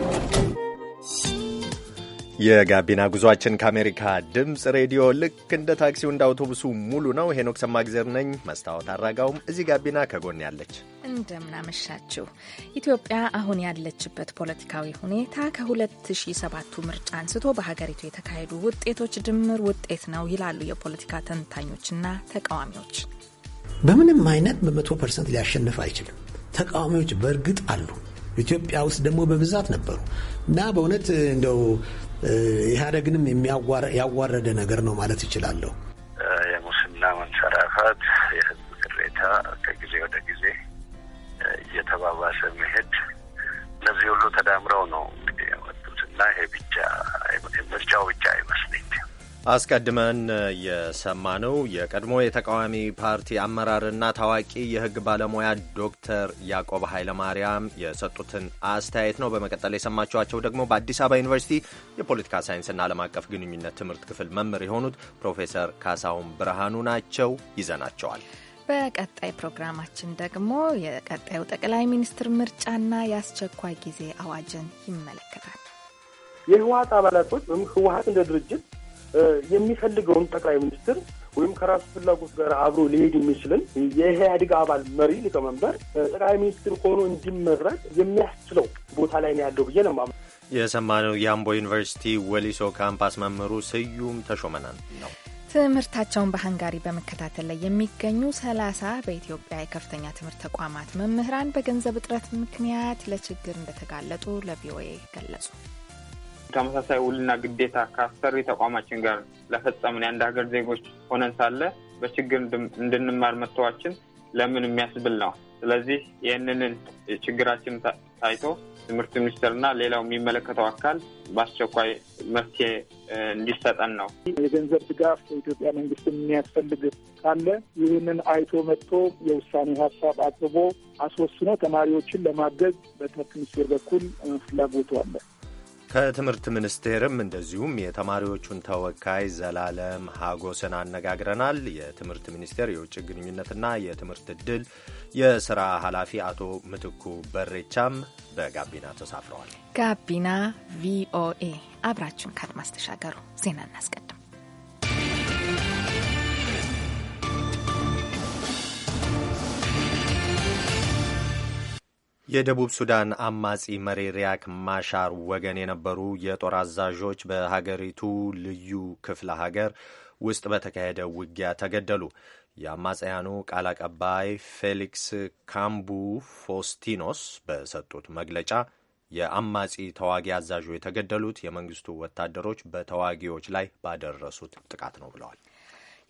አስገባችሁ የጋቢና ጉዟችን ከአሜሪካ ድምፅ ሬዲዮ ልክ እንደ ታክሲው እንደ አውቶቡሱ ሙሉ ነው። ሄኖክ ሰማግዜር ነኝ። መስታወት አራጋውም እዚህ ጋቢና ከጎን ያለች። እንደምናመሻችሁ። ኢትዮጵያ አሁን ያለችበት ፖለቲካዊ ሁኔታ ከ2007ቱ ምርጫ አንስቶ በሀገሪቱ የተካሄዱ ውጤቶች ድምር ውጤት ነው ይላሉ የፖለቲካ ተንታኞችና ተቃዋሚዎች። በምንም አይነት በመቶ ፐርሰንት ሊያሸንፍ አይችልም። ተቃዋሚዎች በእርግጥ አሉ። ኢትዮጵያ ውስጥ ደግሞ በብዛት ነበሩ እና በእውነት እንደው ኢህአዴግንም ያዋረደ ነገር ነው ማለት ይችላለሁ። የሙስና መንሰራፋት፣ የህዝብ ቅሬታ ከጊዜ ወደ ጊዜ እየተባባሰ መሄድ እነዚህ ሁሉ ተዳምረው ነው አስቀድመን የሰማነው የቀድሞ የተቃዋሚ ፓርቲ አመራርና ታዋቂ የሕግ ባለሙያ ዶክተር ያዕቆብ ኃይለማርያም የሰጡትን አስተያየት ነው። በመቀጠል የሰማችኋቸው ደግሞ በአዲስ አበባ ዩኒቨርሲቲ የፖለቲካ ሳይንስና ዓለም አቀፍ ግንኙነት ትምህርት ክፍል መምህር የሆኑት ፕሮፌሰር ካሳሁን ብርሃኑ ናቸው። ይዘናቸዋል። በቀጣይ ፕሮግራማችን ደግሞ የቀጣዩ ጠቅላይ ሚኒስትር ምርጫና የአስቸኳይ ጊዜ አዋጅን ይመለከታል። የህወሀት አባላቶች ወይም ህወሀት እንደ ድርጅት የሚፈልገውን ጠቅላይ ሚኒስትር ወይም ከራሱ ፍላጎት ጋር አብሮ ሊሄድ የሚችልን የኢህአዴግ አባል መሪ ሊቀመንበር ጠቅላይ ሚኒስትር ሆኖ እንዲመረጥ የሚያስችለው ቦታ ላይ ነው ያለው ብዬ ለማመ የሰማነው የአምቦ ዩኒቨርሲቲ ወሊሶ ካምፓስ መምህሩ ስዩም ተሾመናን ነው። ትምህርታቸውን በሀንጋሪ በመከታተል ላይ የሚገኙ ሰላሳ በኢትዮጵያ የከፍተኛ ትምህርት ተቋማት መምህራን በገንዘብ እጥረት ምክንያት ለችግር እንደተጋለጡ ለቪኦኤ ገለጹ። ተመሳሳይ ውልና ግዴታ ከአሰሪ ተቋማችን ጋር ለፈጸምን የአንድ ሀገር ዜጎች ሆነን ሳለ በችግር እንድንማር መጥተዋችን ለምን የሚያስብል ነው። ስለዚህ ይህንንን ችግራችን ታይቶ ትምህርት ሚኒስቴርና ሌላው የሚመለከተው አካል በአስቸኳይ መፍትሄ እንዲሰጠን ነው። የገንዘብ ድጋፍ በኢትዮጵያ መንግስት የሚያስፈልግ ካለ ይህንን አይቶ መጥቶ የውሳኔ ሀሳብ አቅርቦ አስወስኖ ተማሪዎችን ለማገዝ በትምህርት ሚኒስቴር በኩል ፍላጎቱ አለ። ከትምህርት ሚኒስቴርም እንደዚሁም የተማሪዎቹን ተወካይ ዘላለም ሀጎስን አነጋግረናል። የትምህርት ሚኒስቴር የውጭ ግንኙነትና የትምህርት እድል የስራ ኃላፊ አቶ ምትኩ በሬቻም በጋቢና ተሳፍረዋል። ጋቢና ቪኦኤ አብራችሁን ከአድማስ ተሻገሩ። ዜና እናስቀድም። የደቡብ ሱዳን አማጺ መሪ ሪያክ ማሻር ወገን የነበሩ የጦር አዛዦች በሀገሪቱ ልዩ ክፍለ ሀገር ውስጥ በተካሄደ ውጊያ ተገደሉ። የአማጽያኑ ቃል አቀባይ ፌሊክስ ካምቡ ፎስቲኖስ በሰጡት መግለጫ የአማጺ ተዋጊ አዛዡ የተገደሉት የመንግስቱ ወታደሮች በተዋጊዎች ላይ ባደረሱት ጥቃት ነው ብለዋል።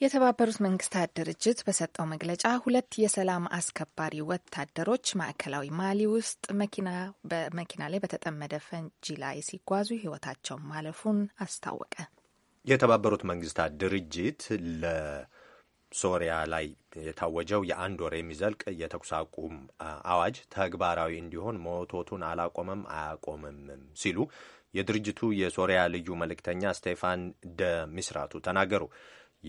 የተባበሩት መንግስታት ድርጅት በሰጠው መግለጫ ሁለት የሰላም አስከባሪ ወታደሮች ማዕከላዊ ማሊ ውስጥ መኪና በመኪና ላይ በተጠመደ ፈንጂ ላይ ሲጓዙ ህይወታቸውን ማለፉን አስታወቀ። የተባበሩት መንግስታት ድርጅት ለሶሪያ ላይ የታወጀው የአንድ ወር የሚዘልቅ የተኩስ አቁም አዋጅ ተግባራዊ እንዲሆን ሞቶቱን አላቆመም አያቆምምም ሲሉ የድርጅቱ የሶሪያ ልዩ መልእክተኛ ስቴፋን ደ ሚስራቱ ተናገሩ።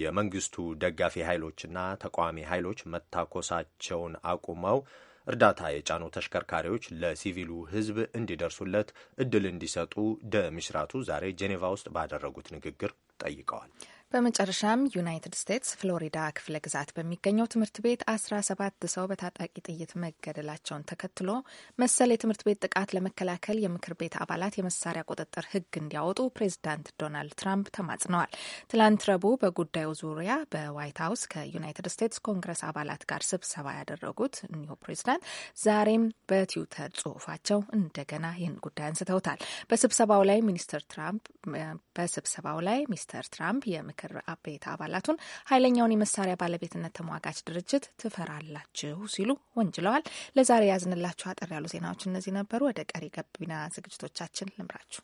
የመንግስቱ ደጋፊ ኃይሎችና ተቃዋሚ ኃይሎች መታኮሳቸውን አቁመው እርዳታ የጫኑ ተሽከርካሪዎች ለሲቪሉ ሕዝብ እንዲደርሱለት እድል እንዲሰጡ ደምሽራቱ ዛሬ ጄኔቫ ውስጥ ባደረጉት ንግግር ጠይቀዋል። በመጨረሻም ዩናይትድ ስቴትስ ፍሎሪዳ ክፍለ ግዛት በሚገኘው ትምህርት ቤት አስራ ሰባት ሰው በታጣቂ ጥይት መገደላቸውን ተከትሎ መሰል የትምህርት ቤት ጥቃት ለመከላከል የምክር ቤት አባላት የመሳሪያ ቁጥጥር ሕግ እንዲያወጡ ፕሬዚዳንት ዶናልድ ትራምፕ ተማጽነዋል። ትላንት ረቡዕ በጉዳዩ ዙሪያ በዋይት ሀውስ ከዩናይትድ ስቴትስ ኮንግረስ አባላት ጋር ስብሰባ ያደረጉት እኒሁ ፕሬዚዳንት ዛሬም በትዊተር ጽሁፋቸው እንደገና ይህን ጉዳይ አንስተውታል። በስብሰባው ላይ ሚኒስትር ትራምፕ በስብሰባው ላይ ሚስተር ትራምፕ ምክር አበይት አባላቱን ኃይለኛውን የመሳሪያ ባለቤትነት ተሟጋች ድርጅት ትፈራላችሁ ሲሉ ወንጅለዋል። ለዛሬ ያዝንላችሁ አጠር ያሉ ዜናዎች እነዚህ ነበሩ። ወደ ቀሪ ጋቢና ዝግጅቶቻችን ልምራችሁ።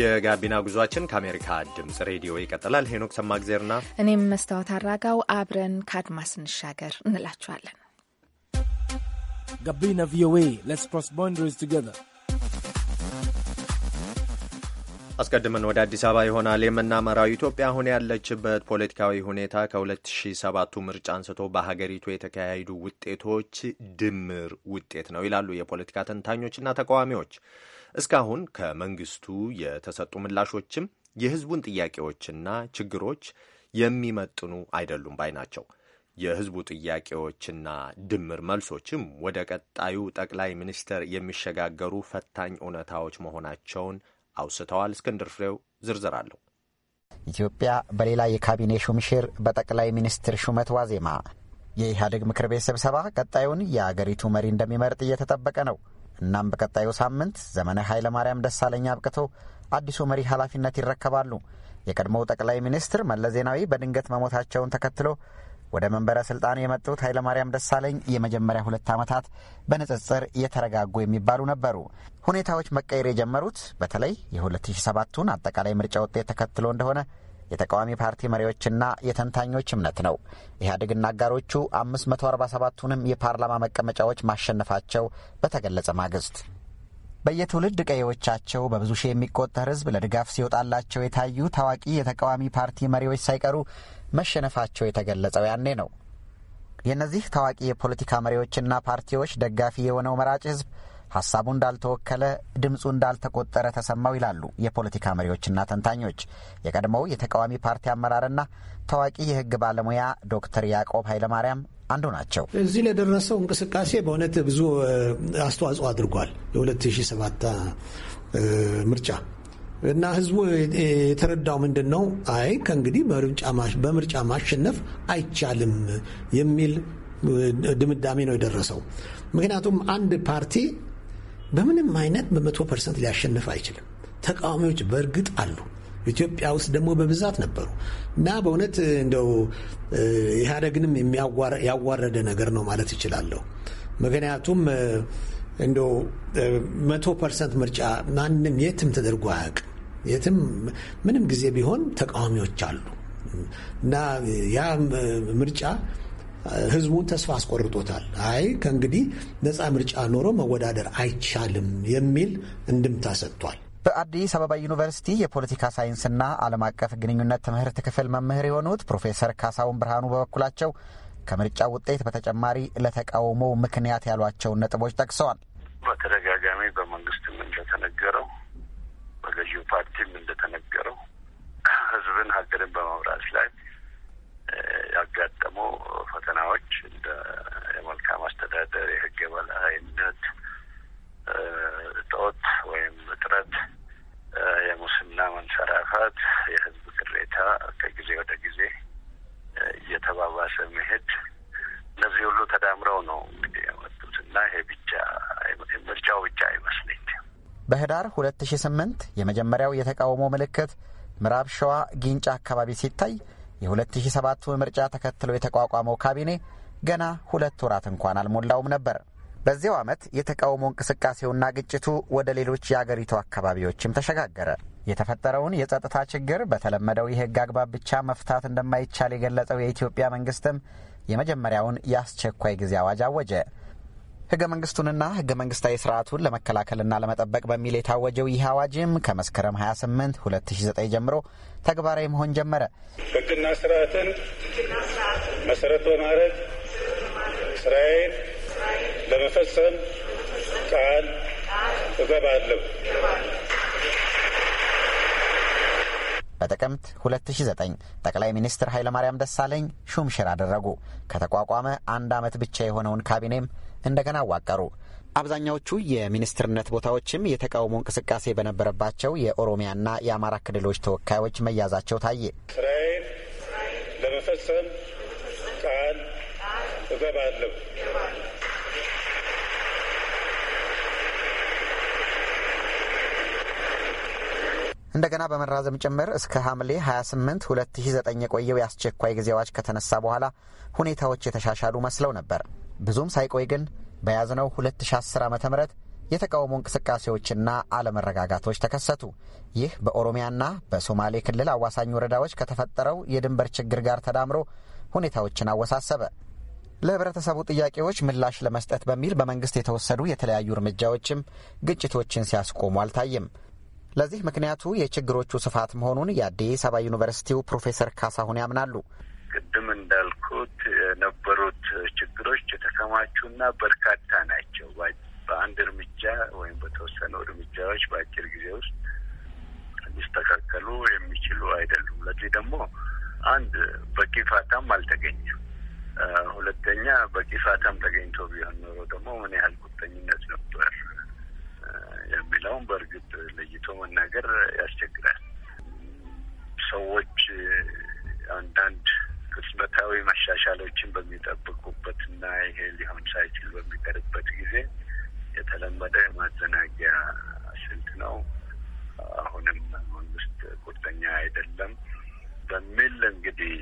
የጋቢና ጉዟችን ከአሜሪካ ድምጽ ሬዲዮ ይቀጥላል። ሄኖክ ሰማግዜርና እኔም መስታወት አራጋው አብረን ከአድማስ እንሻገር እንላችኋለን። ጋቢና ቪኦኤ ሌትስ ክሮስ ባውንደሪስ ቱጌዘር አስቀድመን ወደ አዲስ አበባ ይሆናል የምናመራው። ኢትዮጵያ አሁን ያለችበት ፖለቲካዊ ሁኔታ ከ2007ቱ ምርጫ አንስቶ በሀገሪቱ የተካሄዱ ውጤቶች ድምር ውጤት ነው ይላሉ የፖለቲካ ተንታኞችና ተቃዋሚዎች። እስካሁን ከመንግስቱ የተሰጡ ምላሾችም የህዝቡን ጥያቄዎችና ችግሮች የሚመጥኑ አይደሉም ባይ ናቸው። የህዝቡ ጥያቄዎችና ድምር መልሶችም ወደ ቀጣዩ ጠቅላይ ሚኒስትር የሚሸጋገሩ ፈታኝ እውነታዎች መሆናቸውን አውስተዋል። እስክንድር ፍሬው ዝርዝር አለው። ኢትዮጵያ በሌላ የካቢኔ ሹምሽር በጠቅላይ ሚኒስትር ሹመት ዋዜማ የኢህአዴግ ምክር ቤት ስብሰባ ቀጣዩን የአገሪቱ መሪ እንደሚመርጥ እየተጠበቀ ነው። እናም በቀጣዩ ሳምንት ዘመነ ኃይለማርያም ደሳለኝ አብቅቶ አዲሱ መሪ ኃላፊነት ይረከባሉ። የቀድሞው ጠቅላይ ሚኒስትር መለስ ዜናዊ በድንገት መሞታቸውን ተከትሎ ወደ መንበረ ስልጣን የመጡት ኃይለማርያም ደሳለኝ የመጀመሪያ ሁለት ዓመታት በንጽጽር የተረጋጉ የሚባሉ ነበሩ። ሁኔታዎች መቀየር የጀመሩት በተለይ የ2007ቱን አጠቃላይ ምርጫ ውጤት ተከትሎ እንደሆነ የተቃዋሚ ፓርቲ መሪዎችና የተንታኞች እምነት ነው። ኢህአዴግና አጋሮቹ 547ቱንም የፓርላማ መቀመጫዎች ማሸነፋቸው በተገለጸ ማግስት በየትውልድ ቀዬዎቻቸው በብዙ ሺህ የሚቆጠር ህዝብ ለድጋፍ ሲወጣላቸው የታዩ ታዋቂ የተቃዋሚ ፓርቲ መሪዎች ሳይቀሩ መሸነፋቸው የተገለጸው ያኔ ነው። የእነዚህ ታዋቂ የፖለቲካ መሪዎችና ፓርቲዎች ደጋፊ የሆነው መራጭ ህዝብ ሀሳቡ እንዳልተወከለ፣ ድምፁ እንዳልተቆጠረ ተሰማው ይላሉ የፖለቲካ መሪዎችና ተንታኞች። የቀድሞው የተቃዋሚ ፓርቲ አመራርና ታዋቂ የህግ ባለሙያ ዶክተር ያዕቆብ ኃይለማርያም አንዱ ናቸው። እዚህ ለደረሰው እንቅስቃሴ በእውነት ብዙ አስተዋጽኦ አድርጓል። የ2007 ምርጫ እና ህዝቡ የተረዳው ምንድን ነው? አይ ከእንግዲህ በምርጫ ማሸነፍ አይቻልም የሚል ድምዳሜ ነው የደረሰው። ምክንያቱም አንድ ፓርቲ በምንም አይነት በመቶ ፐርሰንት ሊያሸንፍ አይችልም። ተቃዋሚዎች በእርግጥ አሉ። ኢትዮጵያ ውስጥ ደግሞ በብዛት ነበሩ እና በእውነት እንደው ኢህአዴግንም ያዋረደ ነገር ነው ማለት እችላለሁ። ምክንያቱም እንደው መቶ ፐርሰንት ምርጫ ማንም የትም ተደርጎ አያውቅም። የትም ምንም ጊዜ ቢሆን ተቃዋሚዎች አሉ እና ያ ምርጫ ህዝቡን ተስፋ አስቆርጦታል። አይ ከእንግዲህ ነፃ ምርጫ ኖሮ መወዳደር አይቻልም የሚል እንድምታ ሰጥቷል። በአዲስ አበባ ዩኒቨርሲቲ የፖለቲካ ሳይንስና ዓለም አቀፍ ግንኙነት ትምህርት ክፍል መምህር የሆኑት ፕሮፌሰር ካሳሁን ብርሃኑ በበኩላቸው ከምርጫ ውጤት በተጨማሪ ለተቃውሞው ምክንያት ያሏቸውን ነጥቦች ጠቅሰዋል። ገዢው ፓርቲም እንደተነገረው ህዝብን ሀገርን በመምራት ላይ ያጋጠሙ ፈተናዎች እንደ የመልካም አስተዳደር፣ የህግ የበላይነት እጦት ወይም እጥረት፣ የሙስና መንሰራፋት፣ የህዝብ ቅሬታ ከጊዜ ወደ ጊዜ እየተባባሰ መሄድ እነዚህ ሁሉ ተዳምረው ነው እንግዲህ የመጡት እና ይሄ ብቻ ምርጫው ብቻ አይመስለኝም። በህዳር 2008 የመጀመሪያው የተቃውሞ ምልክት ምዕራብ ሸዋ ጊንጫ አካባቢ ሲታይ የ2007 ምርጫ ተከትሎ የተቋቋመው ካቢኔ ገና ሁለት ወራት እንኳን አልሞላውም ነበር። በዚያው ዓመት የተቃውሞ እንቅስቃሴውና ግጭቱ ወደ ሌሎች የአገሪቱ አካባቢዎችም ተሸጋገረ። የተፈጠረውን የጸጥታ ችግር በተለመደው የህግ አግባብ ብቻ መፍታት እንደማይቻል የገለጸው የኢትዮጵያ መንግስትም የመጀመሪያውን የአስቸኳይ ጊዜ አዋጅ አወጀ። ህገ መንግስቱንና ህገ መንግስታዊ ስርዓቱን ለመከላከልና ለመጠበቅ በሚል የታወጀው ይህ አዋጅም ከመስከረም 28 2009 ጀምሮ ተግባራዊ መሆን ጀመረ። ህግና ስርዓትን መሰረት በማድረግ ስራዬን ለመፈጸም ቃል እገባለሁ። በጥቅምት 2009 ጠቅላይ ሚኒስትር ኃይለማርያም ደሳለኝ ሹምሽር አደረጉ። ከተቋቋመ አንድ ዓመት ብቻ የሆነውን ካቢኔም እንደገና አዋቀሩ። አብዛኛዎቹ የሚኒስትርነት ቦታዎችም የተቃውሞ እንቅስቃሴ በነበረባቸው የኦሮሚያና የአማራ ክልሎች ተወካዮች መያዛቸው ታየ። ስራዬን ለመፈጸም ቃል እገባለሁ። እንደገና በመራዘም ጭምር እስከ ሐምሌ 28 2009 የቆየው የአስቸኳይ ጊዜ አዋጅ ከተነሳ በኋላ ሁኔታዎች የተሻሻሉ መስለው ነበር። ብዙም ሳይቆይ ግን በያዝነው 2010 ዓ ም የተቃውሞ እንቅስቃሴዎችና አለመረጋጋቶች ተከሰቱ። ይህ በኦሮሚያና በሶማሌ ክልል አዋሳኝ ወረዳዎች ከተፈጠረው የድንበር ችግር ጋር ተዳምሮ ሁኔታዎችን አወሳሰበ። ለህብረተሰቡ ጥያቄዎች ምላሽ ለመስጠት በሚል በመንግስት የተወሰዱ የተለያዩ እርምጃዎችም ግጭቶችን ሲያስቆሙ አልታይም። ለዚህ ምክንያቱ የችግሮቹ ስፋት መሆኑን የአዲስ አበባ ዩኒቨርሲቲው ፕሮፌሰር ካሳሁን ያምናሉ። ቅድም እንዳልኩት የነበሩት ችግሮች የተከማቹና በርካታ ናቸው። በአንድ እርምጃ ወይም በተወሰኑ እርምጃዎች በአጭር ጊዜ ውስጥ ሊስተካከሉ የሚችሉ አይደሉም። ለዚህ ደግሞ አንድ በቂ ፋታም አልተገኘም። ሁለተኛ በቂ ፋታም ተገኝቶ ቢሆን ኖሮ ደግሞ ምን ያህል ቁርጠኝነት ነበር የሚለውን በእርግጥ ለይቶ መናገር ያስቸግራል። ሰዎች አንዳንድ ቅጽበታዊ መሻሻሎችን በሚጠብቁበትና ይሄ ሊሆን ሳይችል በሚቀርበት ጊዜ የተለመደ የማዘናጊያ ስልት ነው። አሁንም መንግስት ቁርጠኛ አይደለም በሚል እንግዲህ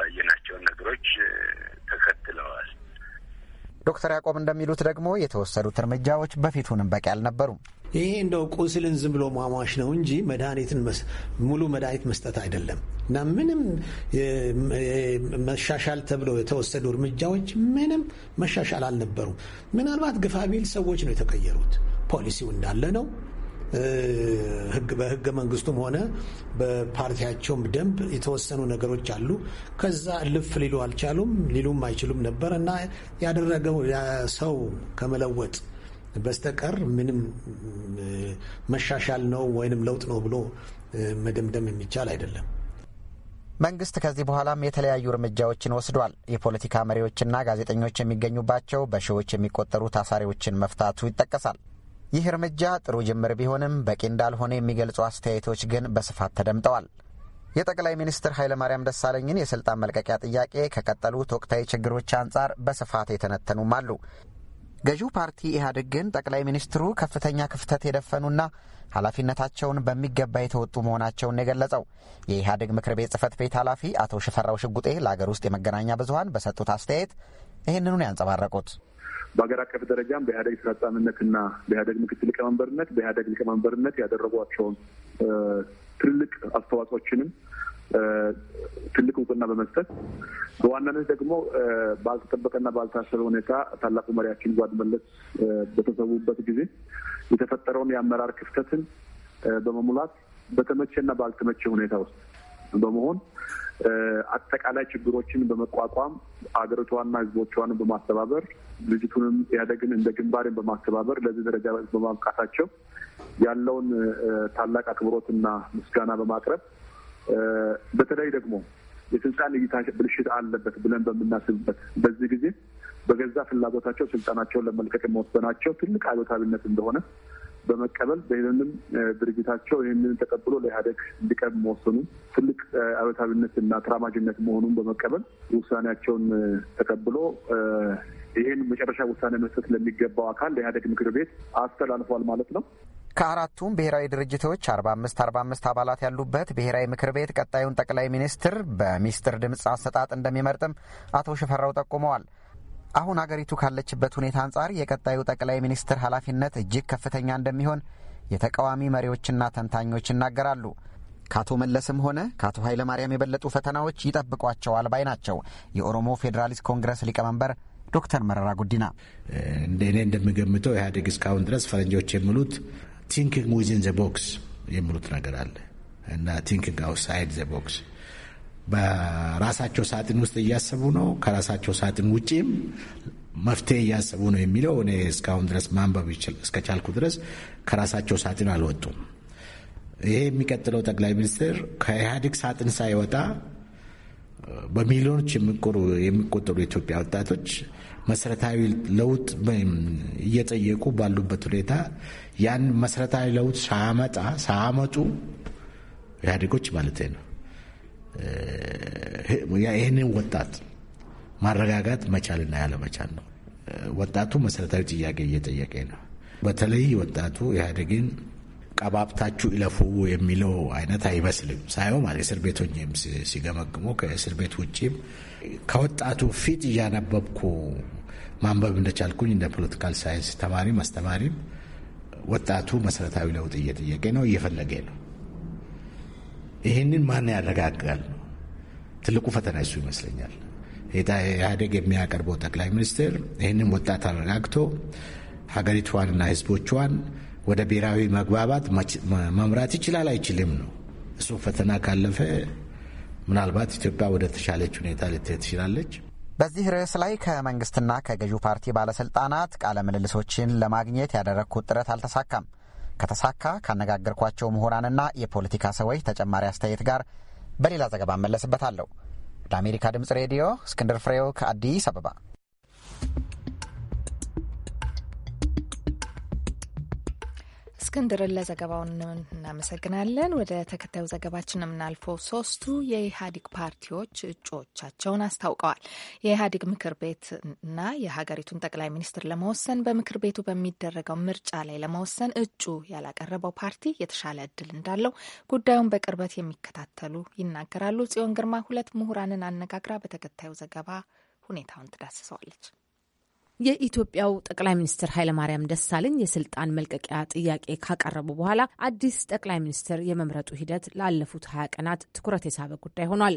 ያየናቸውን ነገሮች ተከትለዋል። ዶክተር ያቆብ እንደሚሉት ደግሞ የተወሰዱት እርምጃዎች በፊቱንም በቂ አልነበሩም። ይሄ እንደው ቁስልን ዝም ብሎ ማሟሽ ነው እንጂ መድኃኒትን ሙሉ መድኃኒት መስጠት አይደለም እና ምንም መሻሻል ተብሎ የተወሰዱ እርምጃዎች ምንም መሻሻል አልነበሩም። ምናልባት ግፋቢል ሰዎች ነው የተቀየሩት። ፖሊሲው እንዳለ ነው። በህገ መንግስቱም ሆነ በፓርቲያቸውም ደንብ የተወሰኑ ነገሮች አሉ። ከዛ ልፍ ሊሉ አልቻሉም፣ ሊሉም አይችሉም ነበር እና ያደረገው ሰው ከመለወጥ በስተቀር ምንም መሻሻል ነው ወይንም ለውጥ ነው ብሎ መደምደም የሚቻል አይደለም። መንግስት ከዚህ በኋላም የተለያዩ እርምጃዎችን ወስዷል። የፖለቲካ መሪዎችና ጋዜጠኞች የሚገኙባቸው በሺዎች የሚቆጠሩ ታሳሪዎችን መፍታቱ ይጠቀሳል። ይህ እርምጃ ጥሩ ጅምር ቢሆንም በቂ እንዳልሆነ የሚገልጹ አስተያየቶች ግን በስፋት ተደምጠዋል። የጠቅላይ ሚኒስትር ኃይለማርያም ደሳለኝን የስልጣን መልቀቂያ ጥያቄ ከቀጠሉት ወቅታዊ ችግሮች አንጻር በስፋት የተነተኑም አሉ። ገዢው ፓርቲ ኢህአዴግ ግን ጠቅላይ ሚኒስትሩ ከፍተኛ ክፍተት የደፈኑና ኃላፊነታቸውን በሚገባ የተወጡ መሆናቸውን የገለጸው የኢህአዴግ ምክር ቤት ጽህፈት ቤት ኃላፊ አቶ ሽፈራው ሽጉጤ ለአገር ውስጥ የመገናኛ ብዙሀን በሰጡት አስተያየት ይህንኑን ያንጸባረቁት በሀገር አቀፍ ደረጃም በኢህአዴግ ስራ አስፈጻሚነትና በኢህአዴግ ምክትል ሊቀመንበርነት በኢህአዴግ ሊቀመንበርነት ያደረጓቸውን ትልቅ አስተዋጽኦችንም ትልቅ እውቅና በመስጠት በዋናነት ደግሞ ባልተጠበቀና ባልታሰበ ሁኔታ ታላቁ መሪያችን ጓድ መለስ በተሰዉበት ጊዜ የተፈጠረውን የአመራር ክፍተትን በመሙላት በተመቸና ባልተመቸ ሁኔታ ውስጥ በመሆን አጠቃላይ ችግሮችን በመቋቋም አገሪቷና ሕዝቦቿን በማስተባበር ድርጅቱንም ኢህአዴግን እንደ ግንባርን በማስተባበር ለዚህ ደረጃ በማብቃታቸው ያለውን ታላቅ አክብሮትና ምስጋና በማቅረብ በተለይ ደግሞ የስልጣን እይታ ብልሽት አለበት ብለን በምናስብበት በዚህ ጊዜ በገዛ ፍላጎታቸው ስልጣናቸውን ለመልቀቅ የመወሰናቸው ትልቅ አሉታዊነት እንደሆነ በመቀበል ይህንንም ድርጅታቸው ይህንን ተቀብሎ ለኢህአዴግ እንዲቀርብ መወሰኑ ትልቅ አሉታዊነት እና ተራማጅነት መሆኑን በመቀበል ውሳኔያቸውን ተቀብሎ ይህን መጨረሻ ውሳኔ መስጠት ለሚገባው አካል ለኢህአዴግ ምክር ቤት አስተላልፏል ማለት ነው። ከአራቱም ብሔራዊ ድርጅቶች 45 45 አባላት ያሉበት ብሔራዊ ምክር ቤት ቀጣዩን ጠቅላይ ሚኒስትር በሚስጥር ድምፅ አሰጣጥ እንደሚመርጥም አቶ ሽፈራው ጠቁመዋል። አሁን አገሪቱ ካለችበት ሁኔታ አንጻር የቀጣዩ ጠቅላይ ሚኒስትር ኃላፊነት እጅግ ከፍተኛ እንደሚሆን የተቃዋሚ መሪዎችና ተንታኞች ይናገራሉ። ከአቶ መለስም ሆነ ከአቶ ኃይለማርያም የበለጡ ፈተናዎች ይጠብቋቸዋል ባይ ናቸው የኦሮሞ ፌዴራሊስት ኮንግረስ ሊቀመንበር ዶክተር መረራ ጉዲና። እንደ እኔ እንደምገምተው ኢህአዴግ እስካሁን ድረስ ፈረንጆች የሚሉት ቲንኪንግ ዊዝን ዘ ቦክስ የሚሉት ነገር አለ እና ቲንኪንግ አውትሳይድ ዘ ቦክስ በራሳቸው ሳጥን ውስጥ እያሰቡ ነው፣ ከራሳቸው ሳጥን ውጪም መፍትሄ እያሰቡ ነው የሚለው እኔ እስካሁን ድረስ ማንበብ እስከቻልኩ ድረስ ከራሳቸው ሳጥን አልወጡም። ይሄ የሚቀጥለው ጠቅላይ ሚኒስትር ከኢህአዴግ ሳጥን ሳይወጣ በሚሊዮኖች የሚቆጠሩ የኢትዮጵያ ወጣቶች መሰረታዊ ለውጥ እየጠየቁ ባሉበት ሁኔታ ያን መሰረታዊ ለውጥ ሳያመጣ ሳያመጡ ኢህአዴጎች ማለት ነው ይህንን ወጣት ማረጋጋት መቻልና ያለመቻል ነው። ወጣቱ መሰረታዊ ጥያቄ እየጠየቀ ነው። በተለይ ወጣቱ ኢህአዴግን ቀባብታችሁ ይለፉ የሚለው አይነት አይመስልም። ሳይሆን ማለት እስር ቤት ሆኜም ሲገመግሙ ከእስር ቤት ውጭም ከወጣቱ ፊት እያነበብኩ ማንበብ እንደቻልኩኝ እንደ ፖለቲካል ሳይንስ ተማሪም አስተማሪም ወጣቱ መሰረታዊ ለውጥ እየጠየቀ ነው፣ እየፈለገ ነው። ይህንን ማን ያረጋጋል? ነው ትልቁ ፈተና። እሱ ይመስለኛል ኢህአዴግ የሚያቀርበው ጠቅላይ ሚኒስትር ይህንን ወጣት አረጋግቶ ሀገሪቷንና ህዝቦቿን ወደ ብሔራዊ መግባባት መምራት ይችላል አይችልም ነው። እሱ ፈተና ካለፈ ምናልባት ኢትዮጵያ ወደ ተሻለች ሁኔታ ልትሄድ ትችላለች። በዚህ ርዕስ ላይ ከመንግስትና ከገዢው ፓርቲ ባለስልጣናት ቃለ ምልልሶችን ለማግኘት ያደረግኩት ጥረት አልተሳካም። ከተሳካ ካነጋገርኳቸው ምሁራንና የፖለቲካ ሰዎች ተጨማሪ አስተያየት ጋር በሌላ ዘገባ እመለስበታለሁ። ለአሜሪካ ድምፅ ሬዲዮ እስክንድር ፍሬው ከአዲስ አበባ እስክንድርን ለዘገባውን እናመሰግናለን። ወደ ተከታዩ ዘገባችን የምናልፈው ሶስቱ የኢህአዴግ ፓርቲዎች እጩዎቻቸውን አስታውቀዋል። የኢህአዴግ ምክር ቤት እና የሀገሪቱን ጠቅላይ ሚኒስትር ለመወሰን በምክር ቤቱ በሚደረገው ምርጫ ላይ ለመወሰን እጩ ያላቀረበው ፓርቲ የተሻለ እድል እንዳለው ጉዳዩን በቅርበት የሚከታተሉ ይናገራሉ። ጽዮን ግርማ ሁለት ምሁራንን አነጋግራ በተከታዩ ዘገባ ሁኔታውን ትዳስሰዋለች። የኢትዮጵያው ጠቅላይ ሚኒስትር ኃይለማርያም ደሳለኝ የስልጣን መልቀቂያ ጥያቄ ካቀረቡ በኋላ አዲስ ጠቅላይ ሚኒስትር የመምረጡ ሂደት ላለፉት ሀያ ቀናት ትኩረት የሳበ ጉዳይ ሆኗል።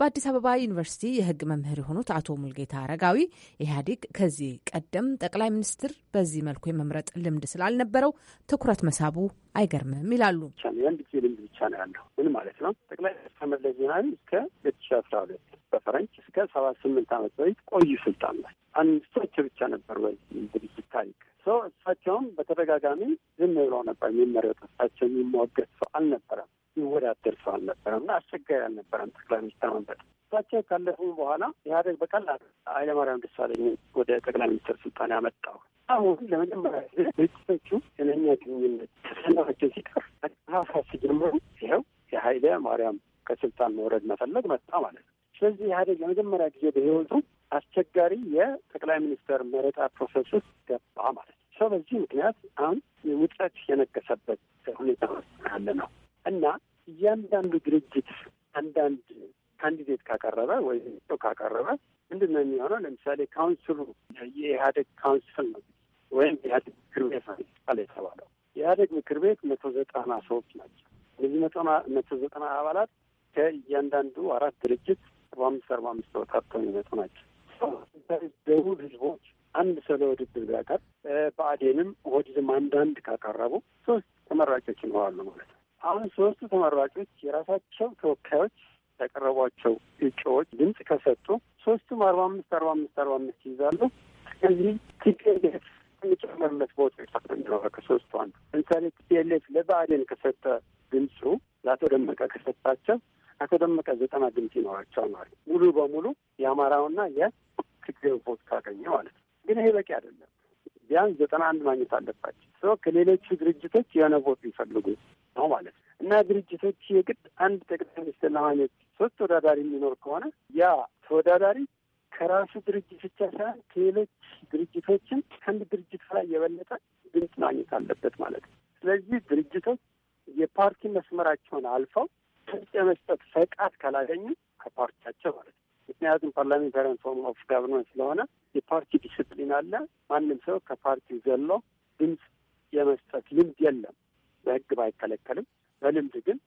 በአዲስ አበባ ዩኒቨርሲቲ የሕግ መምህር የሆኑት አቶ ሙልጌታ አረጋዊ ኢህአዴግ ከዚህ ቀደም ጠቅላይ ሚኒስትር በዚህ መልኩ የመምረጥ ልምድ ስላልነበረው ትኩረት መሳቡ አይገርምም ይላሉ። የአንድ ጊዜ ልምድ ብቻ ነው ያለው። ምን ማለት ነው? ጠቅላይ ሚኒስትር መለስ ዜናዊ እስከ ሁለት ሺ አስራ ሁለት በፈረንጅ እስከ ሰባ ስምንት ዓመት በፊት ቆዩ ስልጣን ላይ አንስቶች ብቻ ነበር ወይ ድርጅት ታሪክ ሰው እሳቸውም በተደጋጋሚ ዝም ብለው ነበር የሚመረጡ እሳቸው የሚሟገት ሰው አልነበረም። ይወዳደር ሰው አልነበረም እና አስቸጋሪ አልነበረም ጠቅላይ ሚኒስትር መንበር እሳቸው ካለፉ በኋላ ኢህአዴግ በቀላል ኃይለማርያም ደሳለኝ ወደ ጠቅላይ ሚኒስትር ስልጣን ያመጣው። አሁን ለመጀመሪያ ጊዜ ድርጅቶቹ ነኛ ግንኙነት ተሰናቸው ሲቀር ሀሳብ ሲጀምሩ ይኸው የኃይለ ማርያም ከስልጣን መውረድ መፈለግ መጣ ማለት ነው። ስለዚህ ኢህአዴግ ለመጀመሪያ ጊዜ በህይወቱ አስቸጋሪ የጠቅላይ ሚኒስትር መረጣ ፕሮሰስ ውስጥ ገባ ማለት ነው። ሰው በዚህ ምክንያት አሁን ውጥረት የነገሰበት ሁኔታ ያለ ነው። እና እያንዳንዱ ድርጅት አንዳንድ ካንዲዴት ካቀረበ ወይም ሰው ካቀረበ ምንድን ነው የሚሆነው? ለምሳሌ ካውንስሉ የኢህአዴግ ካውንስል ነው ወይም ኢህአዴግ ምክር ቤት ነው የተባለው የኢህአዴግ ምክር ቤት መቶ ዘጠና ሰዎች ናቸው። እነዚህ መቶ መቶ ዘጠና አባላት ከእያንዳንዱ አራት ድርጅት አርባ አምስት አርባ አምስት ሰው ተወታተው የሚመጡ ናቸው። ደቡብ ህዝቦች አንድ ሰው ለውድድር ቢያቀር በአዴንም ኦህዴድም አንዳንድ ካቀረቡ ሶስት ተመራጮች ይኖራሉ ማለት ነው። አሁን ሶስቱ ተመራጮች የራሳቸው ተወካዮች ያቀረቧቸው እጩዎች ድምጽ ከሰጡ ሶስቱም አርባ አምስት አርባ አምስት አርባ አምስት ይይዛሉ። ከዚህ ቲፒኤልኤፍ የሚጨመርለት ቦታ ይኖረ ከሶስቱ አንዱ ለምሳሌ ቲፒኤልኤፍ ለብአዴን ከሰጠ ድምፁ ለአቶ ደመቀ ከሰጣቸው አቶ ደመቀ ዘጠና ድምፅ ይኖራቸዋል ማለት ሙሉ በሙሉ የአማራውና የትግሬው ቦት ካገኘ ማለት ነው። ግን ይሄ በቂ አይደለም። ቢያንስ ዘጠና አንድ ማግኘት አለባቸው። ከሌሎቹ ድርጅቶች የሆነ ቦት ይፈልጉ ነው ማለት ነው እና ድርጅቶች የግድ አንድ ጠቅላይ ሚኒስትር ለማግኘት ሶስት ተወዳዳሪ የሚኖር ከሆነ ያ ተወዳዳሪ ከራሱ ድርጅት ብቻ ሳይሆን ከሌሎች ድርጅቶችን ከአንድ ድርጅት ላይ የበለጠ ድምፅ ማግኘት አለበት ማለት ነው። ስለዚህ ድርጅቶች የፓርቲ መስመራቸውን አልፈው ድምፅ የመስጠት ፈቃድ ካላገኙ ከፓርቲያቸው ማለት ነው። ምክንያቱም ፓርላሜንታሪያን ፎርም ኦፍ ጋቨርንመንት ስለሆነ የፓርቲ ዲስፕሊን አለ። ማንም ሰው ከፓርቲው ዘሎ ድምፅ የመስጠት ልምድ የለም። በህግ ባይከለከልም በልምድ ግን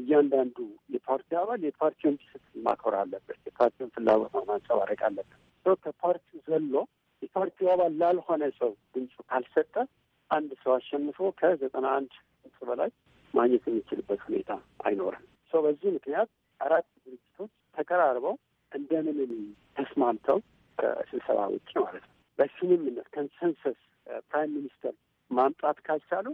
እያንዳንዱ የፓርቲ አባል የፓርቲውን ዲስፕሊን ማክበር አለበት። የፓርቲውን ፍላጎት ማንጸባረቅ አለበት። ከፓርቲው ዘሎ የፓርቲው አባል ላልሆነ ሰው ድምፁ ካልሰጠ አንድ ሰው አሸንፎ ከዘጠና አንድ ድምፅ በላይ ማግኘት የሚችልበት ሁኔታ አይኖርም። ሰው በዚህ ምክንያት አራት ድርጅቶች ተቀራርበው እንደምንም ተስማምተው ስብሰባ ውጭ ማለት ነው በስምምነት ከንሰንሰስ ፕራይም ሚኒስተር ማምጣት ካልቻሉ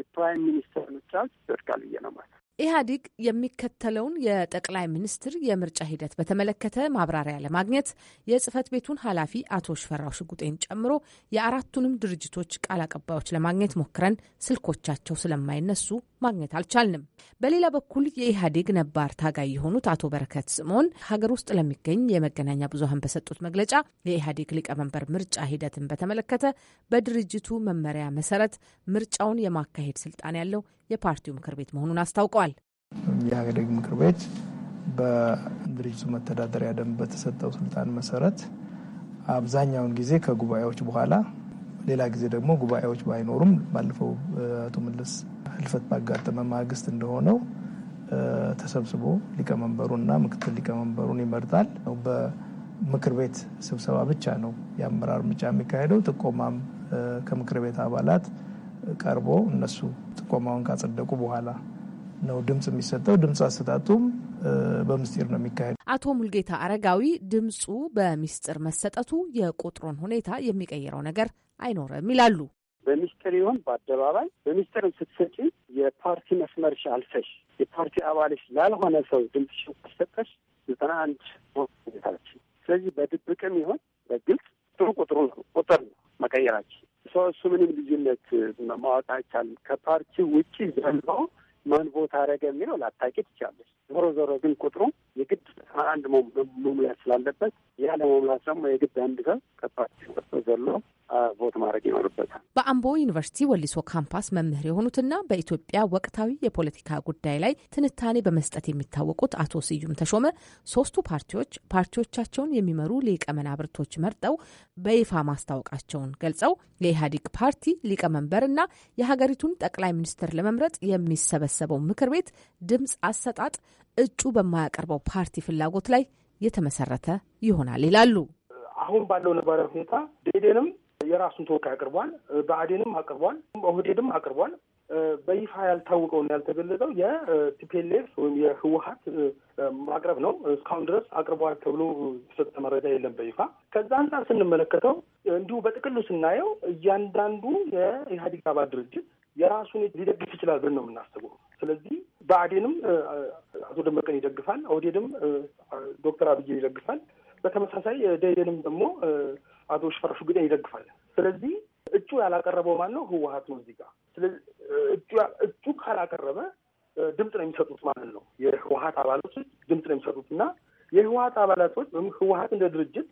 የፕራይም ሚኒስተር ምርጫ ይወድቃል ብዬ ነው ማለት ኢህአዲግ የሚከተለውን የጠቅላይ ሚኒስትር የምርጫ ሂደት በተመለከተ ማብራሪያ ለማግኘት የጽህፈት ቤቱን ኃላፊ አቶ ሽፈራው ሽጉጤን ጨምሮ የአራቱንም ድርጅቶች ቃል አቀባዮች ለማግኘት ሞክረን ስልኮቻቸው ስለማይነሱ ማግኘት አልቻልንም። በሌላ በኩል የኢህአዴግ ነባር ታጋይ የሆኑት አቶ በረከት ስምኦን ሀገር ውስጥ ለሚገኝ የመገናኛ ብዙሀን በሰጡት መግለጫ የኢህአዴግ ሊቀመንበር ምርጫ ሂደትን በተመለከተ በድርጅቱ መመሪያ መሰረት ምርጫውን የማካሄድ ስልጣን ያለው የፓርቲው ምክር ቤት መሆኑን አስታውቀዋል። የኢህአዴግ ምክር ቤት በድርጅቱ መተዳደሪያ ደንብ በተሰጠው ስልጣን መሰረት አብዛኛውን ጊዜ ከጉባኤዎች በኋላ ሌላ ጊዜ ደግሞ ጉባኤዎች ባይኖሩም ባለፈው አቶ መለስ ህልፈት ባጋጠመ ማግስት እንደሆነው ተሰብስቦ ሊቀመንበሩና ምክትል ሊቀመንበሩን ይመርጣል። በምክር ቤት ስብሰባ ብቻ ነው የአመራር ምርጫ የሚካሄደው። ጥቆማም ከምክር ቤት አባላት ቀርቦ እነሱ ጥቆማውን ካጸደቁ በኋላ ነው ድምፅ የሚሰጠው። ድምፅ አሰጣጡም በምስጢር ነው የሚካሄዱ። አቶ ሙልጌታ አረጋዊ ድምፁ በሚስጢር መሰጠቱ የቁጥሩን ሁኔታ የሚቀይረው ነገር አይኖርም ይላሉ። በሚስጥር ይሆን በአደባባይ በሚስጥር ስትሰጪ የፓርቲ መስመርሽ አልፈሽ የፓርቲ አባልሽ ላልሆነ ሰው ድምፅሽ ካሰጠሽ ዘጠና አንድ ስለዚህ በድብቅም ይሆን በግልጽ ጥሩ ቁጥሩ ቁጥር ነው መቀየራችን ሰው እሱ ምንም ልዩነት ማወቅ አይቻልም። ከፓርቲ ውጭ ዘሎ ማን ቦታ አደረገ የሚለው ላታቂ ትቻለች። ዞሮ ዞሮ ግን ቁጥሩ የግድ አንድ መሙላት ስላለበት ያለ ለመሙላት ደግሞ የግድ አንድ ሰው ከፓርቲ ዘሎ ቮት ማድረግ ይኖርበታል። በአምቦ ዩኒቨርሲቲ ወሊሶ ካምፓስ መምህር የሆኑትና በኢትዮጵያ ወቅታዊ የፖለቲካ ጉዳይ ላይ ትንታኔ በመስጠት የሚታወቁት አቶ ስዩም ተሾመ ሶስቱ ፓርቲዎች ፓርቲዎቻቸውን የሚመሩ ሊቀመናብርቶች መርጠው በይፋ ማስታወቃቸውን ገልጸው የኢህአዴግ ፓርቲ ሊቀመንበር እና የሀገሪቱን ጠቅላይ ሚኒስትር ለመምረጥ የሚሰበሰበው ምክር ቤት ድምፅ አሰጣጥ እጩ በማያቀርበው ፓርቲ ፍላጎት ላይ የተመሰረተ ይሆናል ይላሉ። አሁን ባለው ነባራዊ ሁኔታ ደኢህዴንም የራሱን ተወካይ አቅርቧል። በአዴንም አቅርቧል። ኦህዴድም አቅርቧል። በይፋ ያልታወቀውና ያልተገለጸው የቲፒኤልኤፍ ወይም የህወሀት ማቅረብ ነው። እስካሁን ድረስ አቅርቧል ተብሎ የተሰጠ መረጃ የለም በይፋ። ከዛ አንጻር ስንመለከተው እንዲሁ በጥቅሉ ስናየው እያንዳንዱ የኢህአዴግ አባል ድርጅት የራሱን ሊደግፍ ይችላል ብለን ነው የምናስበው። ስለዚህ በአዴንም አቶ ደመቀን ይደግፋል፣ ኦህዴድም ዶክተር አብይን ይደግፋል፣ በተመሳሳይ ደኢህዴንም ደግሞ አቶ ሽፈራሹ ሽጉጤን ይደግፋል። ስለዚህ እጩ ያላቀረበው ማን ነው? ህወሀት ነው እዚህ ጋር። ስለዚህ እጩ ካላቀረበ ድምፅ ነው የሚሰጡት ማለት ነው። የህወሀት አባላቶች ድምፅ ነው የሚሰጡት እና የህወሀት አባላቶች ወይም ህወሀት እንደ ድርጅት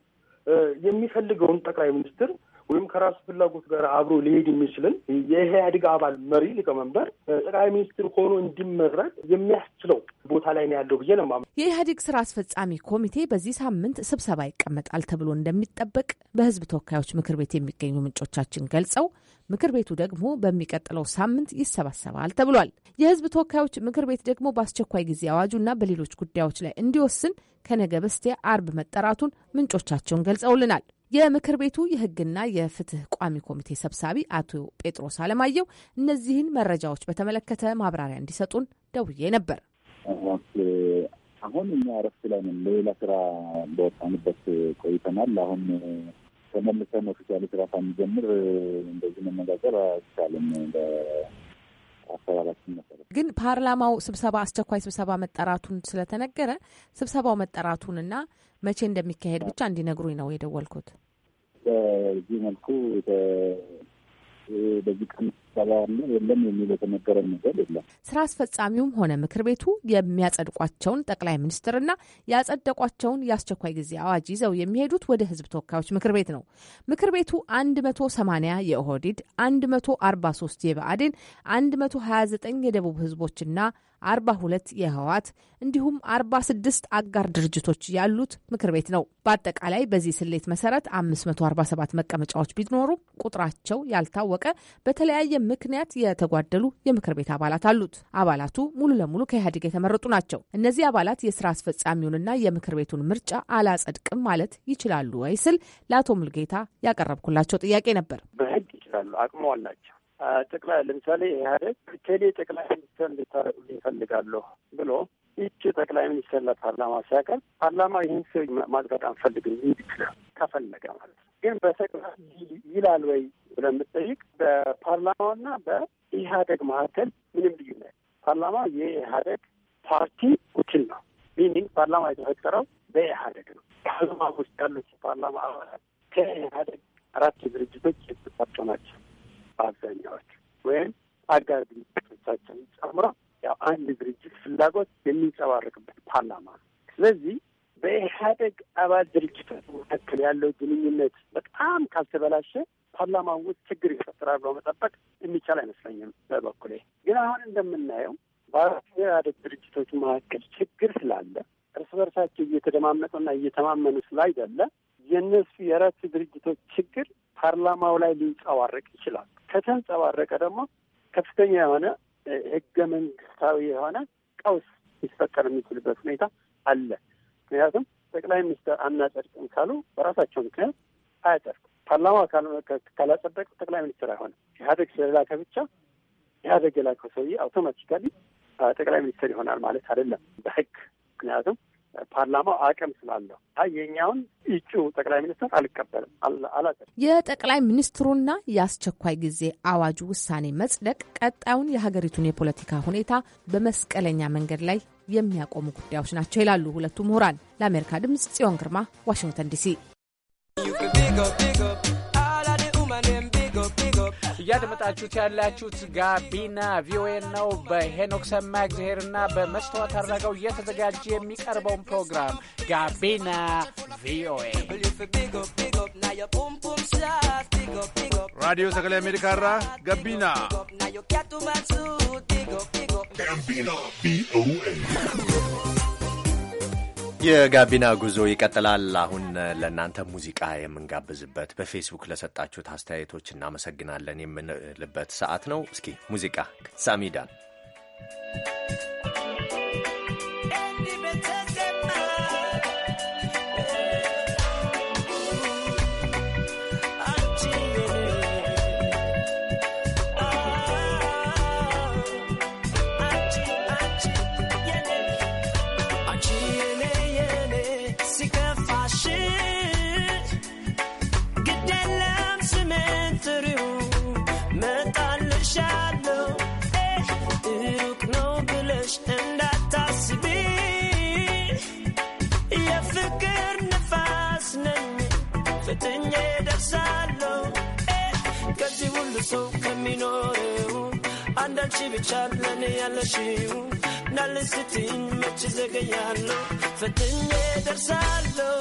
የሚፈልገውን ጠቅላይ ሚኒስትር ወይም ከራሱ ፍላጎት ጋር አብሮ ሊሄድ የሚችልን የኢህአዴግ አባል መሪ ሊቀመንበር ጠቅላይ ሚኒስትር ሆኖ እንዲመረጥ የሚያስችለው ቦታ ላይ ነው ያለው ብዬ ነው የማምነው። የኢህአዴግ ስራ አስፈጻሚ ኮሚቴ በዚህ ሳምንት ስብሰባ ይቀመጣል ተብሎ እንደሚጠበቅ በህዝብ ተወካዮች ምክር ቤት የሚገኙ ምንጮቻችን ገልጸው ምክር ቤቱ ደግሞ በሚቀጥለው ሳምንት ይሰባሰባል ተብሏል። የህዝብ ተወካዮች ምክር ቤት ደግሞ በአስቸኳይ ጊዜ አዋጁና በሌሎች ጉዳዮች ላይ እንዲወስን ከነገ በስቲያ አርብ መጠራቱን ምንጮቻቸውን ገልጸውልናል። የምክር ቤቱ የህግና የፍትህ ቋሚ ኮሚቴ ሰብሳቢ አቶ ጴጥሮስ አለማየሁ እነዚህን መረጃዎች በተመለከተ ማብራሪያ እንዲሰጡን ደውዬ ነበር። አሁን እኛ እረፍት ላይ ነን። ሌላ ስራ በወጣንበት ቆይተናል። አሁን ተመልሰን ኦፊሻል ስራ ሳንጀምር እንደዚህ መነጋገር አይቻልም። አሰባባችን ግን ፓርላማው ስብሰባ አስቸኳይ ስብሰባ መጠራቱን ስለተነገረ ስብሰባው መጠራቱንና መቼ እንደሚካሄድ ብቻ እንዲነግሩኝ ነው የደወልኩት። በዚህ መልኩ በዚህ ቀን ስብሰባ አለ የለም የሚል የተነገረ ነገር የለም። ስራ አስፈጻሚውም ሆነ ምክር ቤቱ የሚያጸድቋቸውን ጠቅላይ ሚኒስትርና ያጸደቋቸውን የአስቸኳይ ጊዜ አዋጅ ይዘው የሚሄዱት ወደ ህዝብ ተወካዮች ምክር ቤት ነው። ምክር ቤቱ 180 የኦህዴድ፣ 143 የብአዴን፣ 129 የደቡብ ህዝቦችና 42 የህወሓት እንዲሁም 46 አጋር ድርጅቶች ያሉት ምክር ቤት ነው። በአጠቃላይ በዚህ ስሌት መሰረት 547 መቀመጫዎች ቢኖሩም ቁጥራቸው ያልታወቀ በተለያየ ምክንያት የተጓደሉ የምክር ቤት አባላት አሉት። አባላቱ ሙሉ ለሙሉ ከኢህአዴግ የተመረጡ ናቸው። እነዚህ አባላት የስራ አስፈጻሚውንና የምክር ቤቱን ምርጫ አላጸድቅም ማለት ይችላሉ ወይ ስል ለአቶ ሙልጌታ ያቀረብኩላቸው ጥያቄ ነበር። በህግ ይችላሉ፣ አቅሙ አላቸው። ጠቅላይ ለምሳሌ ኢህአዴግ ቴሌ ጠቅላይ ሚኒስትር እንድታደርጉልኝ ይፈልጋለሁ ብሎ እጅ ጠቅላይ ሚኒስትር ለፓርላማ ሲያቀርብ ፓርላማ ይህን ሰው ማጽደቅ አንፈልግም ሊል ይችላል፣ ከፈለገ ማለት ነው። ግን በተግባር ይላል ወይ ብለምጠይቅ ብጠይቅ በፓርላማና በኢህአደግ መካከል ምንም ልዩነት፣ ፓርላማ የኢህአደግ ፓርቲ ውክል ነው። ሚኒንግ ፓርላማ የተፈጠረው በኢህአደግ ነው። ከህዝማ ውስጥ ያሉት የፓርላማ አባላት ከኢህአደግ አራት ድርጅቶች የተሰጣቸው ናቸው። በአብዛኛዎች ወይም አጋር ድርጅቶቻቸውን ጨምረው ያው አንድ ድርጅት ፍላጎት የሚንጸባረቅበት ፓርላማ ነው። ስለዚህ በኢህአደግ አባል ድርጅቶች መካከል ያለው ግንኙነት በጣም ካልተበላሸ ፓርላማ ውስጥ ችግር ይፈጠራል ብሎ መጠበቅ የሚቻል አይመስለኝም በበኩሌ። ግን አሁን እንደምናየው በአራቱ የኢህአደግ ድርጅቶች መካከል ችግር ስላለ እርስ በርሳቸው እየተደማመጡና እየተማመኑ ስላይደለ የእነሱ የአራቱ ድርጅቶች ችግር ፓርላማው ላይ ሊንጸባረቅ ይችላል። ከተንጸባረቀ ደግሞ ከፍተኛ የሆነ ህገ መንግስታዊ የሆነ ቀውስ ሊፈጠር የሚችልበት ሁኔታ አለ። ምክንያቱም ጠቅላይ ሚኒስትር አናጸድቅም ካሉ በራሳቸው ምክንያት አያጸድቅም። ፓርላማ ካላጸደቀ ጠቅላይ ሚኒስትር አይሆንም። ኢህአደግ ስለላከ ብቻ ኢህአደግ የላከው ሰውዬ አውቶማቲካሊ ጠቅላይ ሚኒስትር ይሆናል ማለት አይደለም በህግ ምክንያቱም ፓርላማው አቅም ስላለው አይ የኛውን እጩ ጠቅላይ ሚኒስትር አልቀበልም አላቀ የጠቅላይ ሚኒስትሩና የአስቸኳይ ጊዜ አዋጁ ውሳኔ መጽደቅ ቀጣዩን የሀገሪቱን የፖለቲካ ሁኔታ በመስቀለኛ መንገድ ላይ የሚያቆሙ ጉዳዮች ናቸው ይላሉ ሁለቱ ምሁራን። ለአሜሪካ ድምፅ ጽዮን ግርማ ዋሽንግተን ዲሲ። እያደመጣችሁት ያላችሁት ጋቢና ቪኦኤ ነው። በሄኖክ ሰማ እግዚአብሔርና በመስተዋት አድረገው እየተዘጋጀ የሚቀርበውን ፕሮግራም ጋቢና ቪኦኤ ራዲዮ ሰገሌ አሜሪካ ራ ጋቢና ጋቢና ቪኦኤ የጋቢና ጉዞ ይቀጥላል። አሁን ለእናንተ ሙዚቃ የምንጋብዝበት በፌስቡክ ለሰጣችሁት አስተያየቶች እናመሰግናለን የምንልበት ሰዓት ነው። እስኪ ሙዚቃ ሳሚዳን ብቻ ለኔ ያለሽው ናለኝ መች ዘገያለሁ ፈትኜ ደርሳለሁ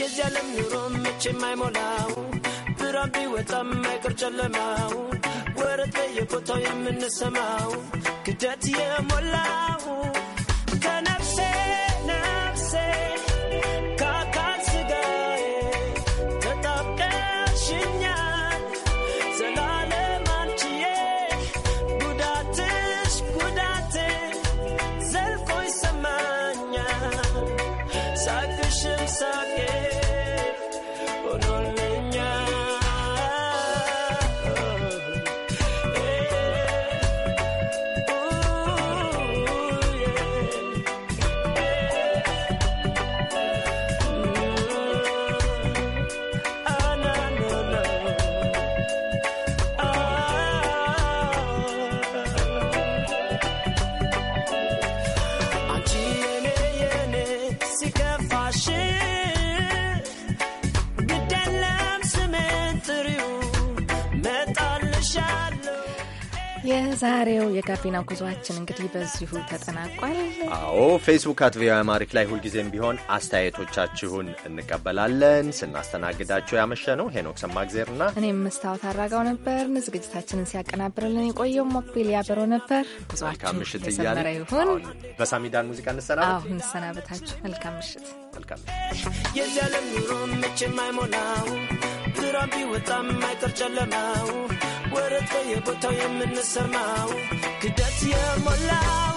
የዚህ ዓለም ኑሮ መቼ የማይሞላው ብርሃን ቢወጣም አይቀር ጨለማው ወሬ በየቦታው የምንሰማው ክደት የሞላው የዛሬው የጋቢና ጉዟችን እንግዲህ በዚሁ ተጠናቋል። አዎ ፌስቡክ አት ቪኦኤ አማሪክ ላይ ሁልጊዜም ቢሆን አስተያየቶቻችሁን እንቀበላለን። ስናስተናግዳችሁ ያመሸ ነው ሄኖክ ሰማግዜር ና እኔም መስታወት አራጋው ነበር። ዝግጅታችንን ሲያቀናብርልን የቆየው ሞክቢል ያበሮ ነበር። ምሽት የሰመረ ይሁን። በሳሚዳን ሙዚቃ እንሰናበት። አዎ እንሰናበታችሁ። መልካም ምሽት። መልካም ምሽት። ግራ ቢወጣም አይቀር ጨለማው ወረት በየቦታው የምንሰማው ክደት የሞላው